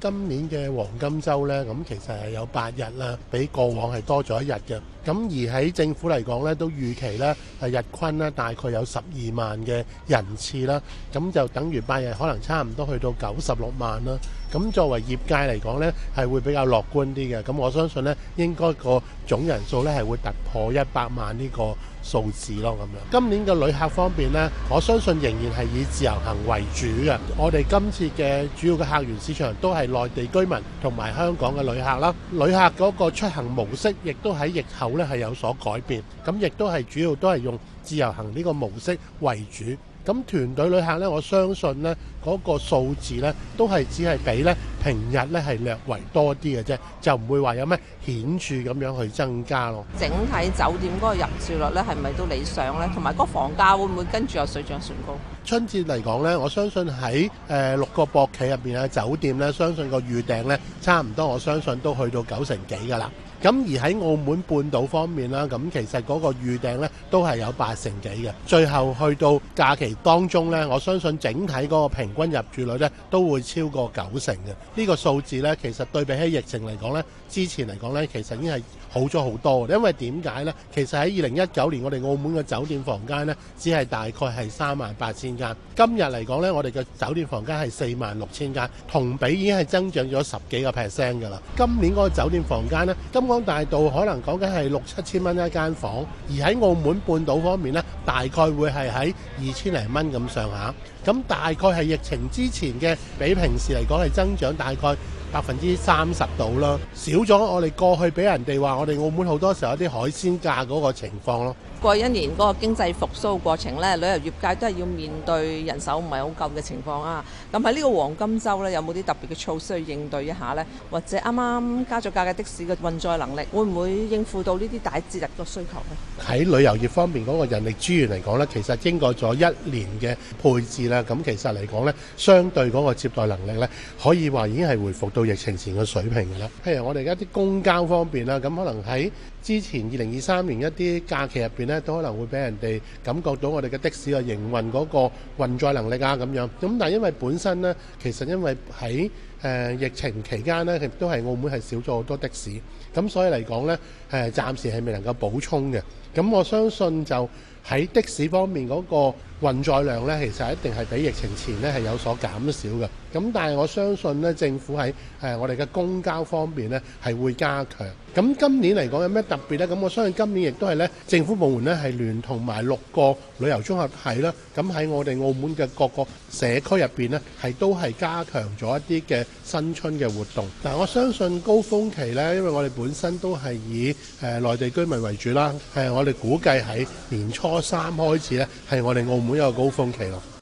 今年嘅黃金周呢，咁其實係有八日啦，比過往係多咗一日嘅。咁而喺政府嚟講呢，都預期呢係日均呢，大概有十二萬嘅人次啦。咁就等於八日可能差唔多去到九十六萬啦。咁作為業界嚟講咧，係會比較樂觀啲嘅。咁我相信咧，應該個總人數咧係會突破一百萬呢個數字咯。咁樣，今年嘅旅客方面咧，我相信仍然係以自由行為主嘅。我哋今次嘅主要嘅客源市場都係內地居民同埋香港嘅旅客啦。旅客嗰個出行模式亦都喺疫後咧係有所改變，咁亦都係主要都係用自由行呢個模式為主。咁團隊旅客咧，我相信咧嗰個數字咧都係只係比咧平日咧係略為多啲嘅啫，就唔會話有咩顯著咁樣去增加咯。整體酒店嗰個入住率咧，係咪都理想咧？同埋個房價會唔會跟住有水漲船高？春節嚟講咧，我相信喺呃，六個博企入邊嘅酒店咧相信個預訂咧差唔多，我相信都去到九成幾噶啦。咁而喺澳門半島方面啦，咁其實嗰個預訂咧都係有八成幾嘅。最後去到假期當中咧，我相信整體嗰個平均入住率咧都會超過九成嘅。呢個數字咧，其實對比起疫情嚟講咧，之前嚟講咧，其實已經係好咗好多。因為點解呢？其實喺二零一九年我哋澳門嘅酒店房間咧，只係大概係三萬八千間。今日嚟講咧，我哋嘅酒店房間係四萬六千間，同比已經係增長咗十幾個 percent 㗎啦。今年嗰個酒店房間咧，今香港大道可能講緊係六七千蚊一間房，而喺澳門半島方面呢，大概會係喺二千零蚊咁上下。咁大概係疫情之前嘅，比平時嚟講係增長大概百分之三十度啦，少咗我哋過去俾人哋話我哋澳門好多時候有啲海鮮價嗰個情況咯。過去一年嗰個經濟復甦過程咧，旅遊業界都係要面對人手唔係好夠嘅情況啊。咁喺呢個黃金週咧，有冇啲特別嘅措施去應對一下咧？或者啱啱加咗價嘅的士嘅運載能力，會唔會應付到呢啲大節日嘅需求咧？喺旅遊業方面嗰個人力資源嚟講咧，其實經過咗一年嘅配置咧。咁其實嚟講咧，相對嗰個接待能力咧，可以話已經係回復到疫情前嘅水平嘅啦。譬如我哋而家啲公交方面啦，咁可能喺。之前二零二三年一啲假期入邊咧，都可能會俾人哋感覺到我哋嘅的，的士嘅營運嗰個運載能力啊，咁樣。咁但係因為本身咧，其實因為喺誒、呃、疫情期間咧，亦都係澳門係少咗好多的士。咁所以嚟講咧，誒、呃、暫時係未能夠補充嘅。咁我相信就喺的士方面嗰個運載量咧，其實一定係比疫情前咧係有所減少嘅。咁但係我相信咧，政府喺誒、呃、我哋嘅公交方面咧，係會加強。咁今年嚟講有咩特別呢？咁我相信今年亦都係呢，政府部門呢係聯同埋六個旅遊綜合體啦。咁喺我哋澳門嘅各個社區入邊呢，係都係加強咗一啲嘅新春嘅活動。嗱，我相信高峰期呢，因為我哋本身都係以誒內地居民為主啦。誒，我哋估計喺年初三開始呢，係我哋澳門一個高峰期咯。